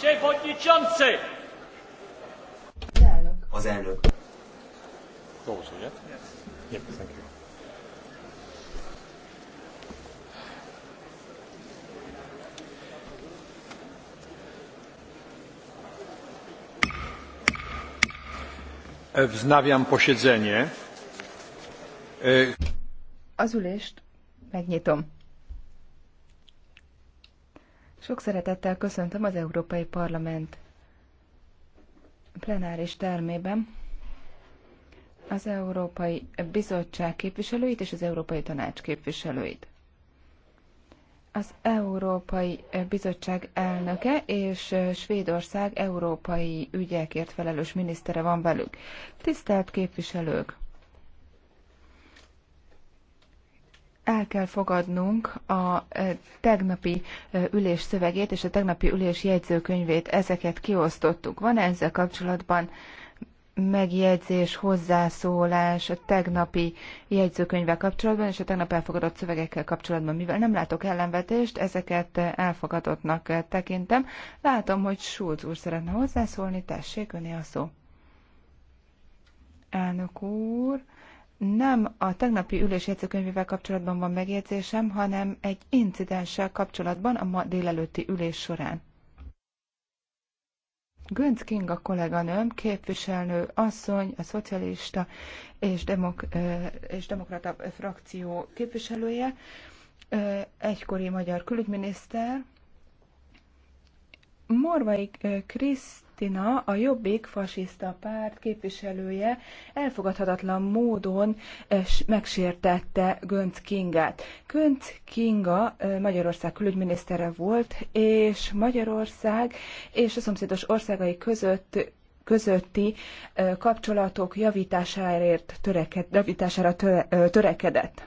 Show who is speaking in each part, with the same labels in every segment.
Speaker 1: Przewodniczący!
Speaker 2: Az elnök. Close, yeah? Yes. Yep, thank you. Wznawiam posiedzenie. Az ülést megnyitom. Sok szeretettel köszöntöm az Európai Parlament plenáris termében az Európai Bizottság képviselőit és az Európai Tanács képviselőit. Az Európai Bizottság elnöke és Svédország európai ügyekért felelős minisztere van velük. Tisztelt képviselők! el kell fogadnunk a e, tegnapi e, ülés szövegét és a tegnapi ülés jegyzőkönyvét. Ezeket kiosztottuk. Van -e ezzel kapcsolatban megjegyzés, hozzászólás a tegnapi jegyzőkönyvvel kapcsolatban és a tegnap elfogadott szövegekkel kapcsolatban, mivel nem látok ellenvetést, ezeket elfogadottnak tekintem. Látom, hogy Schulz úr szeretne hozzászólni, tessék, öné a szó. Elnök úr, nem a tegnapi ülés jegyzőkönyvével kapcsolatban van megjegyzésem, hanem egy incidenssel kapcsolatban a ma délelőtti ülés során. Gönc Kinga kolléganőm, képviselő asszony, a szocialista és, demok- és demokrata frakció képviselője, egykori magyar külügyminiszter, Morvai Kriszt Bettina, a Jobbik fasiszta párt képviselője elfogadhatatlan módon eh, megsértette Gönc Kingát. Gönc Kinga eh, Magyarország külügyminisztere volt, és Magyarország és a szomszédos országai között közötti eh, kapcsolatok javításáért javítására töre, törekedett.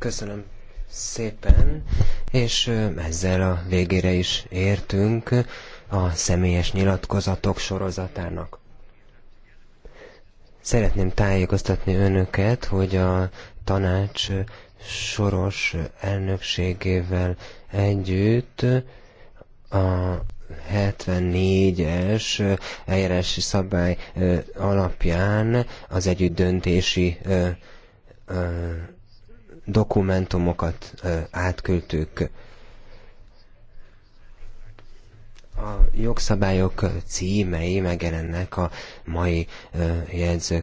Speaker 2: Köszönöm szépen, és ezzel a végére is értünk a személyes nyilatkozatok sorozatának. Szeretném tájékoztatni önöket, hogy a tanács soros elnökségével együtt a 74-es eljárási szabály alapján az együtt döntési dokumentumokat átküldtük. A jogszabályok címei megjelennek a mai jegyzők